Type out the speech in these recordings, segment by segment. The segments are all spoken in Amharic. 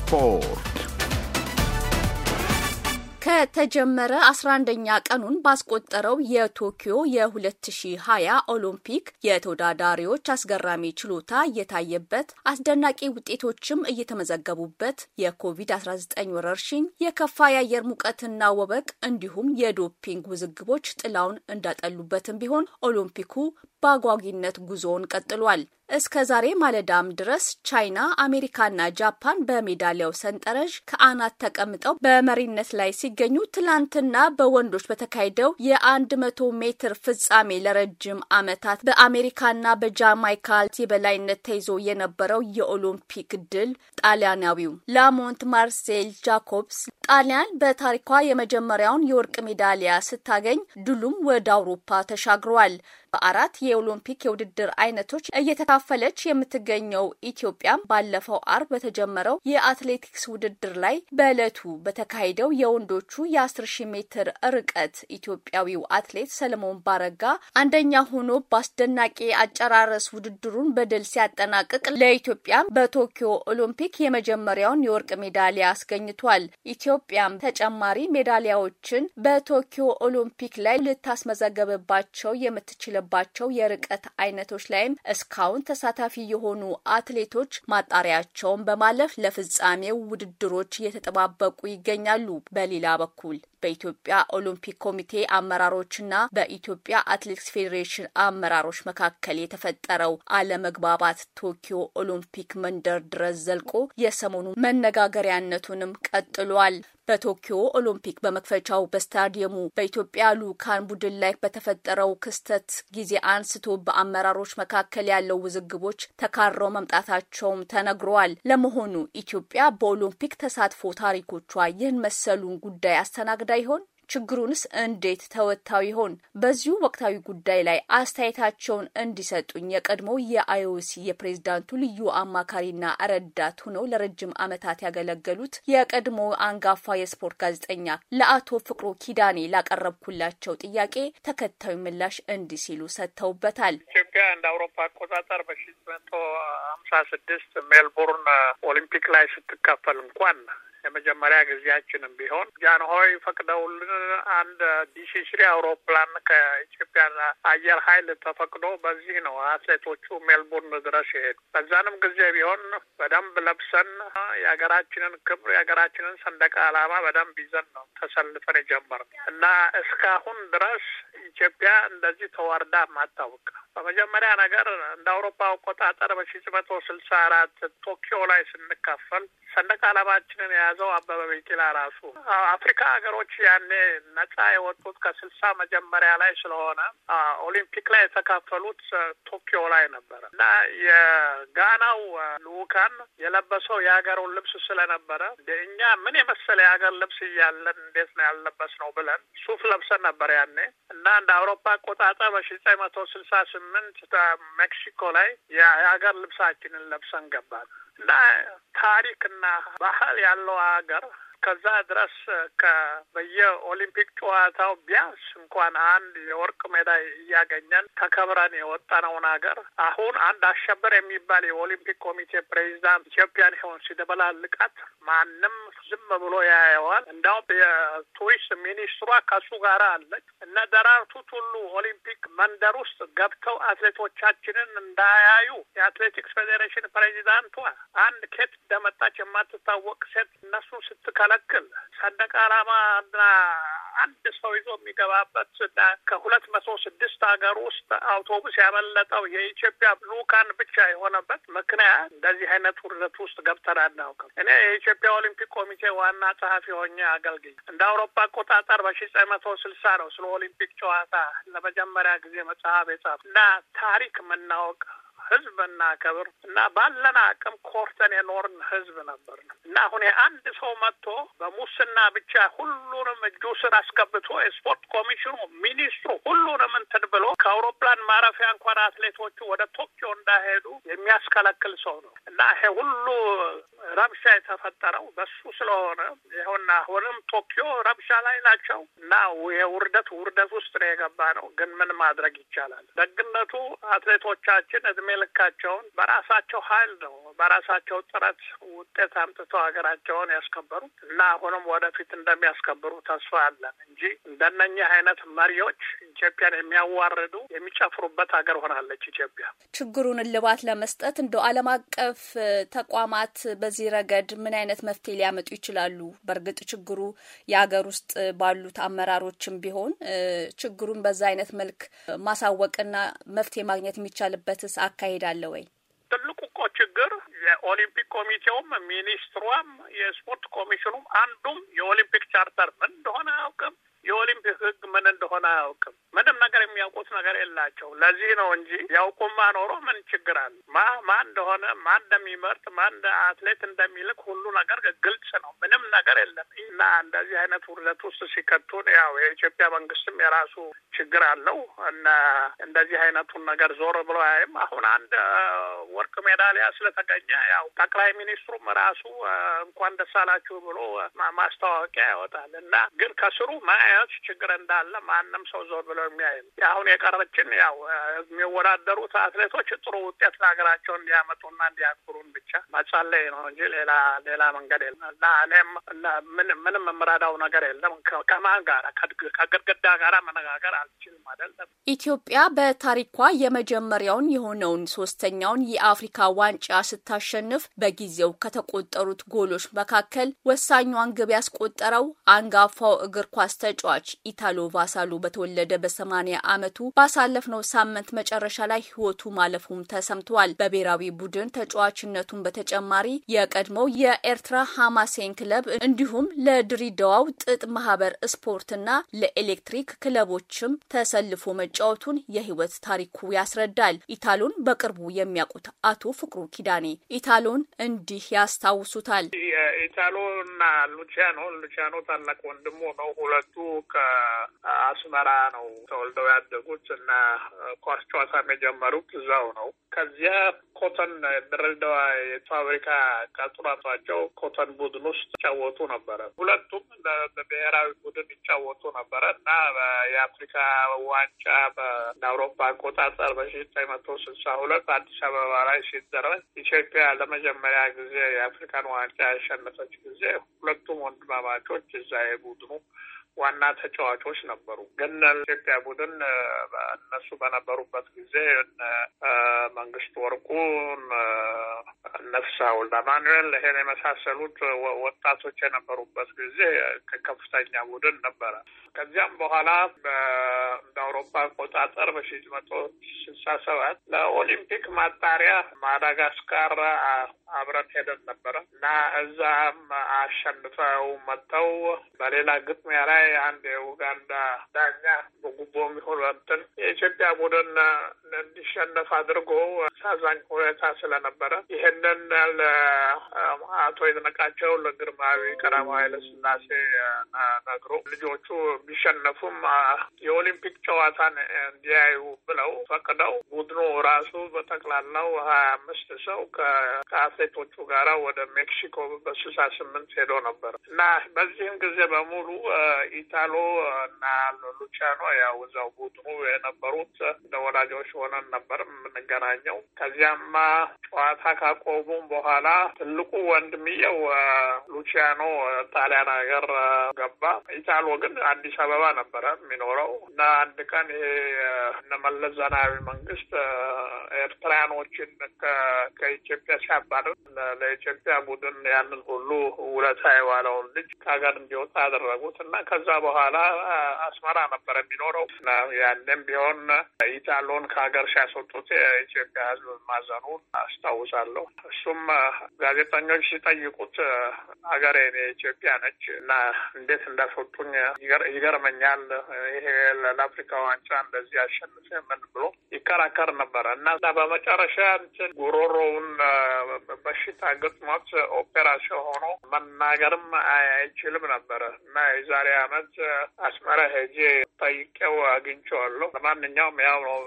ስፖርት ከተጀመረ 11ኛ ቀኑን ባስቆጠረው የቶኪዮ የ2020 ኦሎምፒክ የተወዳዳሪዎች አስገራሚ ችሎታ እየታየበት አስደናቂ ውጤቶችም እየተመዘገቡበት የኮቪድ-19 ወረርሽኝ፣ የከፋ የአየር ሙቀትና ወበቅ እንዲሁም የዶፒንግ ውዝግቦች ጥላውን እንዳጠሉበትም ቢሆን ኦሎምፒኩ በአጓጊነት ጉዞውን ቀጥሏል። እስከ ዛሬ ማለዳም ድረስ ቻይና፣ አሜሪካና ጃፓን በሜዳሊያው ሰንጠረዥ ከአናት ተቀምጠው በመሪነት ላይ ሲገኙ ትላንትና በወንዶች በተካሄደው የ100 ሜትር ፍጻሜ ለረጅም ዓመታት በአሜሪካና በጃማይካ የበላይነት ተይዞ የነበረው የኦሎምፒክ ድል ጣሊያናዊው ላሞንት ማርሴል ጃኮብስ ጣሊያን በታሪኳ የመጀመሪያውን የወርቅ ሜዳሊያ ስታገኝ ድሉም ወደ አውሮፓ ተሻግሯል። በአራት የኦሎምፒክ የውድድር አይነቶች እየተካፈለች የምትገኘው ኢትዮጵያ ባለፈው አርብ በተጀመረው የአትሌቲክስ ውድድር ላይ በዕለቱ በተካሄደው የወንዶቹ የ10 ሜትር ርቀት ኢትዮጵያዊው አትሌት ሰለሞን ባረጋ አንደኛ ሆኖ በአስደናቂ አጨራረስ ውድድሩን በድል ሲያጠናቅቅ ለኢትዮጵያ በቶኪዮ ኦሎምፒክ የመጀመሪያውን የወርቅ ሜዳሊያ አስገኝቷል። ኢትዮጵያም ተጨማሪ ሜዳሊያዎችን በቶኪዮ ኦሎምፒክ ላይ ልታስመዘገብባቸው የምትችለው በተካሄደባቸው የርቀት አይነቶች ላይም እስካሁን ተሳታፊ የሆኑ አትሌቶች ማጣሪያቸውን በማለፍ ለፍጻሜው ውድድሮች እየተጠባበቁ ይገኛሉ። በሌላ በኩል በኢትዮጵያ ኦሎምፒክ ኮሚቴ አመራሮችና በኢትዮጵያ አትሌቲክስ ፌዴሬሽን አመራሮች መካከል የተፈጠረው አለመግባባት ቶኪዮ ኦሎምፒክ መንደር ድረስ ዘልቆ የሰሞኑ መነጋገሪያነቱንም ቀጥሏል። በቶኪዮ ኦሎምፒክ በመክፈቻው በስታዲየሙ በኢትዮጵያ ልዑካን ቡድን ላይ በተፈጠረው ክስተት ጊዜ አንስቶ በአመራሮች መካከል ያለው ውዝግቦች ተካረው መምጣታቸውም ተነግረዋል። ለመሆኑ ኢትዮጵያ በኦሎምፒክ ተሳትፎ ታሪኮቿ ይህን መሰሉን ጉዳይ አስተናግዳ ይሆን? ችግሩንስ እንዴት ተወታዊ ይሆን? በዚሁ ወቅታዊ ጉዳይ ላይ አስተያየታቸውን እንዲሰጡኝ የቀድሞው የአይኦሲ የፕሬዝዳንቱ ልዩ አማካሪና ረዳት ሆነው ለረጅም ዓመታት ያገለገሉት የቀድሞ አንጋፋ የስፖርት ጋዜጠኛ ለአቶ ፍቅሩ ኪዳኔ ላቀረብኩላቸው ጥያቄ ተከታዩ ምላሽ እንዲህ ሲሉ ሰጥተውበታል። ኢትዮጵያ እንደ አውሮፓ አቆጣጠር በሺ መቶ ሀምሳ ስድስት ሜልቦርን ኦሊምፒክ ላይ ስትካፈል እንኳን የመጀመሪያ ጊዜያችንም ቢሆን ጃንሆይ ፈቅደውልን አንድ ዲሲ ስሪ አውሮፕላን ከኢትዮጵያ አየር ኃይል ተፈቅዶ በዚህ ነው አትሌቶቹ ሜልቡርን ድረስ ይሄዱ። በዛንም ጊዜ ቢሆን በደንብ ለብሰን የሀገራችንን ክብር የሀገራችንን ሰንደቅ ዓላማ በደንብ ይዘን ነው ተሰልፈን የጀመርነው እና እስካሁን ድረስ ኢትዮጵያ እንደዚህ ተዋርዳ ማታወቅ። በመጀመሪያ ነገር እንደ አውሮፓ አቆጣጠር በሺ ዘጠኝ መቶ ስልሳ አራት ቶኪዮ ላይ ስንካፈል ሰንደቅ ዓላማችንን ያ የያዘው አበበ ቢቂላ ራሱ አፍሪካ ሀገሮች ያኔ ነጻ የወጡት ከስልሳ መጀመሪያ ላይ ስለሆነ ኦሊምፒክ ላይ የተካፈሉት ቶኪዮ ላይ ነበረ እና የጋናው ልኡካን የለበሰው የሀገሩን ልብስ ስለነበረ እኛ ምን የመሰለ የሀገር ልብስ እያለን እንዴት ነው ያለበስ ነው ብለን ሱፍ ለብሰን ነበር ያኔ እና እንደ አውሮፓ አቆጣጠር በሺ ዘጠኝ መቶ ስልሳ ስምንት ሜክሲኮ ላይ የሀገር ልብሳችንን ለብሰን ገባል። እና ታሪክና ባህል ያለው አገር እስከዛ ድረስ በየኦሊምፒክ ጨዋታው ቢያንስ እንኳን አንድ የወርቅ ሜዳ እያገኘን ተከብረን የወጣነውን ሀገር አሁን አንድ አሸበር የሚባል የኦሊምፒክ ኮሚቴ ፕሬዚዳንት ኢትዮጵያን ሆን ሲደበላልቃት ማንም ዝም ብሎ ያየዋል። እንዳውም የቱሪስት ሚኒስትሯ ከሱ ጋር አለች። እነ ደራርቱ ቱሉ ኦሊምፒክ መንደር ውስጥ ገብተው አትሌቶቻችንን እንዳያዩ የአትሌቲክስ ፌዴሬሽን ፕሬዚዳንቷ አንድ ኬት እንደመጣች የማትታወቅ ሴት እነሱን ስትከ የሚከለክል ሰንደቅ ዓላማና አንድ ሰው ይዞ የሚገባበት እና ከሁለት መቶ ስድስት ሀገር ውስጥ አውቶቡስ ያመለጠው የኢትዮጵያ ልኡካን ብቻ የሆነበት ምክንያት እንደዚህ አይነት ውርደት ውስጥ ገብተን አናውቅም። እኔ የኢትዮጵያ ኦሊምፒክ ኮሚቴ ዋና ጸሐፊ ሆኜ አገልግኝ እንደ አውሮፓ አቆጣጠር በሺ ዘጠኝ መቶ ስልሳ ነው ስለ ኦሊምፒክ ጨዋታ ለመጀመሪያ ጊዜ መጽሐፍ የጻፍ እና ታሪክ መናወቅ ህዝብ እናከብር እና ባለን አቅም ኮርተን የኖርን ህዝብ ነበር ነው እና አሁን አንድ ሰው መጥቶ በሙስና ብቻ ሁሉንም እጁ ስር አስገብቶ የስፖርት ኮሚሽኑ፣ ሚኒስትሩ ሁሉንም እንትን ብሎ ከአውሮፕላን ማረፊያ እንኳን አትሌቶቹ ወደ ቶኪዮ እንዳይሄዱ የሚያስከለክል ሰው ነው እና ይሄ ሁሉ ረብሻ የተፈጠረው በሱ ስለሆነ ይኸውና አሁንም ቶኪዮ ረብሻ ላይ ናቸው እና የውርደት ውርደት ውስጥ ነው የገባ ነው። ግን ምን ማድረግ ይቻላል? ደግነቱ አትሌቶቻችን እድሜ ልካቸውን በራሳቸው ኃይል ነው በራሳቸው ጥረት ውጤት አምጥተው ሀገራቸውን ያስከበሩት እና አሁንም ወደፊት እንደሚያስከብሩ ተስፋ አለን እንጂ እንደነኚህ አይነት መሪዎች ኢትዮጵያን የሚያዋርዱ የሚጨፍሩበት ሀገር ሆናለች ኢትዮጵያ። ችግሩን እልባት ለመስጠት እንደ ዓለም አቀፍ ተቋማት በዚህ ረገድ ምን አይነት መፍትሄ ሊያመጡ ይችላሉ? በእርግጥ ችግሩ የሀገር ውስጥ ባሉት አመራሮችም ቢሆን ችግሩን በዛ አይነት መልክ ማሳወቅና መፍትሄ ማግኘት የሚቻልበትስ አካ ይካሄዳል ወይ? ትልቁ እኮ ችግር የኦሊምፒክ ኮሚቴውም ሚኒስትሯም የስፖርት ኮሚሽኑም አንዱም የኦሊምፒክ ቻርተር ምን እንደሆነ አያውቅም። የኦሊምፒክ ህግ ምን እንደሆነ አያውቅም። ምንም ነገር የሚያውቁት ነገር የላቸው። ለዚህ ነው እንጂ ያውቁማ ኖሮ ምን ችግር አለ? ማ ማ እንደሆነ ማ እንደሚመርጥ ማ እንደ አትሌት እንደሚልክ ሁሉ ነገር ግልጽ ነው። ምንም ነገር የለም። እና እንደዚህ አይነት ውርደት ውስጥ ሲከቱን ያው የኢትዮጵያ መንግስትም የራሱ ችግር አለው እና እንደዚህ አይነቱን ነገር ዞር ብሎ አይም አሁን አንድ ወርቅ ሜዳሊያ ስለተገኘ ያው ጠቅላይ ሚኒስትሩም ራሱ እንኳን ደስ አላችሁ ብሎ ማስታወቂያ ያወጣል እና ግን ከስሩ ማ ስናየው ችግር እንዳለ ማንም ሰው ዞር ብሎ የሚያይ አሁን የቀረችን ያው የሚወዳደሩት አትሌቶች ጥሩ ውጤት ለሀገራቸው እንዲያመጡና እንዲያክሩን ብቻ መጸለይ ነው እንጂ ሌላ ሌላ መንገድ የለም እና እኔም ምንም የምረዳው ነገር የለም። ከማን ጋር ከግድግዳ ጋር መነጋገር አልችልም አይደለም። ኢትዮጵያ በታሪኳ የመጀመሪያውን የሆነውን ሶስተኛውን የአፍሪካ ዋንጫ ስታሸንፍ በጊዜው ከተቆጠሩት ጎሎች መካከል ወሳኟን ግብ ያስቆጠረው አንጋፋው እግር ኳስ ተጫ ተጫዋች ኢታሎ ቫሳሎ በተወለደ በሰማኒያ አመቱ ባሳለፍነው ሳምንት መጨረሻ ላይ ህይወቱ ማለፉም ተሰምተዋል። በብሔራዊ ቡድን ተጫዋችነቱን በተጨማሪ የቀድሞው የኤርትራ ሃማሴን ክለብ እንዲሁም ለድሪዳዋው ጥጥ ማህበር ስፖርትና ለኤሌክትሪክ ክለቦችም ተሰልፎ መጫወቱን የህይወት ታሪኩ ያስረዳል። ኢታሎን በቅርቡ የሚያውቁት አቶ ፍቅሩ ኪዳኔ ኢታሎን እንዲህ ያስታውሱታል። ኢታሎና ሉቺያኖ ሉቺያኖ ታላቅ ወንድሞ ነው። ሁለቱ ከአስመራ ነው ተወልደው ያደጉት እና ኳስ ጨዋታም የጀመሩት እዛው ነው። ከዚያ ኮተን ድሬዳዋ የፋብሪካ ቀጥሯቸው ኮተን ቡድን ውስጥ ይጫወቱ ነበረ። ሁለቱም በብሔራዊ ቡድን ይጫወቱ ነበረ እና የአፍሪካ ዋንጫ በአውሮፓ አቆጣጠር በሺ ዘጠኝ መቶ ስልሳ ሁለት አዲስ አበባ ላይ ሲደረግ ኢትዮጵያ ለመጀመሪያ ጊዜ የአፍሪካን ዋንጫ ያሸነፈች ጊዜ ሁለቱም ወንድማማቾች እዛ የቡድኑ ዋና ተጫዋቾች ነበሩ። ግን ኢትዮጵያ ቡድን እነሱ በነበሩበት ጊዜ መንግስት ወርቁ፣ ነፍሳ ወልዳ ማንዌል ይሄን የመሳሰሉት ወጣቶች የነበሩበት ጊዜ ከፍተኛ ቡድን ነበረ። ከዚያም በኋላ እንደ አውሮፓ አቆጣጠር በሺ መቶ ስልሳ ሰባት ለኦሊምፒክ ማጣሪያ ማዳጋስካር አብረን ሄደን ነበረ እና እዛም አሸንፈው መጥተው በሌላ ግጥሚያ ላይ አንድ የኡጋንዳ ዳኛ በጉቦ የሚሆኑትን የኢትዮጵያ ቡድን እንዲሸነፍ አድርጎ አሳዛኝ ሁኔታ ስለነበረ ይህንን ለአቶ ይድነቃቸው ለግርማዊ ቀዳማዊ ኃይለ ሥላሴ ነግሮ ልጆቹ ቢሸነፉም የኦሊምፒክ ጨዋታን እንዲያዩ ብለው ፈቅደው ቡድኑ ራሱ በጠቅላላው ሀያ አምስት ሰው ከአትሌቶቹ ጋራ ወደ ሜክሲኮ በስልሳ ስምንት ሄዶ ነበር እና በዚህም ጊዜ በሙሉ ኢታሎ እና ሉቻኖ ያው እዛው ቡድኑ የነበሩት እንደ ሆነን ነበር የምንገናኘው። ከዚያማ ጨዋታ ካቆሙም በኋላ ትልቁ ወንድምየው ሉቺያኖ ጣሊያን ሀገር ገባ። ኢታሎ ግን አዲስ አበባ ነበረ የሚኖረው እና አንድ ቀን ይሄ እነ መለስ መንግስት ኤርትራያኖችን ከኢትዮጵያ ሲያባርር ለኢትዮጵያ ቡድን ያንን ሁሉ ውለታ የዋለውን ልጅ ከሀገር እንዲወጣ ያደረጉት እና ከዛ በኋላ አስመራ ነበር የሚኖረው። ያንም ቢሆን ኢታሎን ከሀገር ሲያስወጡት የኢትዮጵያ ሕዝብ ማዘኑን አስታውሳለሁ። እሱም ጋዜጠኞች ሲጠይቁት ሀገሬ እኔ ኢትዮጵያ ነች እና እንዴት እንዳስወጡኝ ይገርመኛል፣ ይሄ ለአፍሪካ ዋንጫ እንደዚህ አሸንፌ ምን ብሎ ይከራከር ነበረ እና በመጨረሻ እንትን ጉሮሮውን በሽታ ገጥሞት ኦፔራሲዮን ሆኖ መናገርም አይችልም ነበረ እና የዛሬ አመት አስመራ ሄጄ ጠይቄው አግኝቼዋለሁ። ለማንኛውም ያው ነው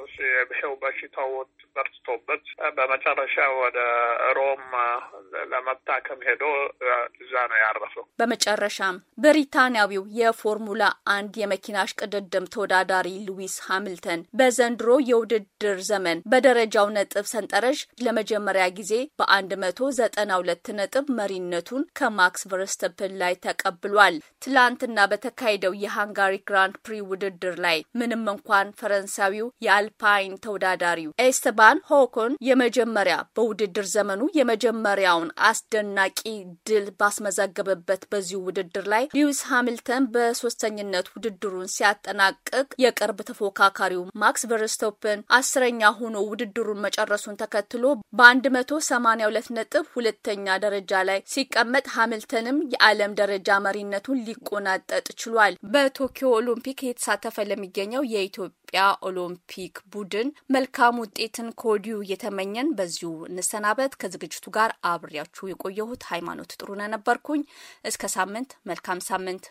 ይሄው በሽታው በርትቶበት በመጨረሻ ወደ ሮም ለመታከም ሄዶ እዛ ነው ያረፈው። በመጨረሻም ብሪታንያዊው የፎርሙላ አንድ የመኪና እሽቅድድም ተወዳዳሪ ሉዊስ ሃሚልተን በዘንድሮ የውድድር ዘመን በደረጃው ነጥብ ሰንጠረዥ ለመጀመሪያ ጊዜ በ ሁለት ነጥብ መሪነቱን ከማክስ ቨርስተፕን ላይ ተቀብሏል። ትላንትና በተካሄደው የሃንጋሪ ግራንድ ፕሪ ውድ ውድድር ላይ ምንም እንኳን ፈረንሳዊው የአልፓይን ተወዳዳሪው ኤስተባን ሆኮን የመጀመሪያ በውድድር ዘመኑ የመጀመሪያውን አስደናቂ ድል ባስመዘገበበት በዚሁ ውድድር ላይ ሊዊስ ሃሚልተን በሶስተኝነት ውድድሩን ሲያጠናቅቅ የቅርብ ተፎካካሪው ማክስ ቨርስቶፕን አስረኛ ሆኖ ውድድሩን መጨረሱን ተከትሎ በ182 ነጥብ ሁለተኛ ደረጃ ላይ ሲቀመጥ ሃሚልተንም የዓለም ደረጃ መሪነቱን ሊቆናጠጥ ችሏል። በቶኪዮ ኦሎምፒክ የተሳ እየተሳተፈ ለሚገኘው የኢትዮጵያ ኦሎምፒክ ቡድን መልካም ውጤትን ከወዲሁ እየተመኘን በዚሁ እንሰናበት። ከዝግጅቱ ጋር አብሬያችሁ የቆየሁት ሃይማኖት ጥሩነ ነበርኩኝ። እስከ ሳምንት፣ መልካም ሳምንት።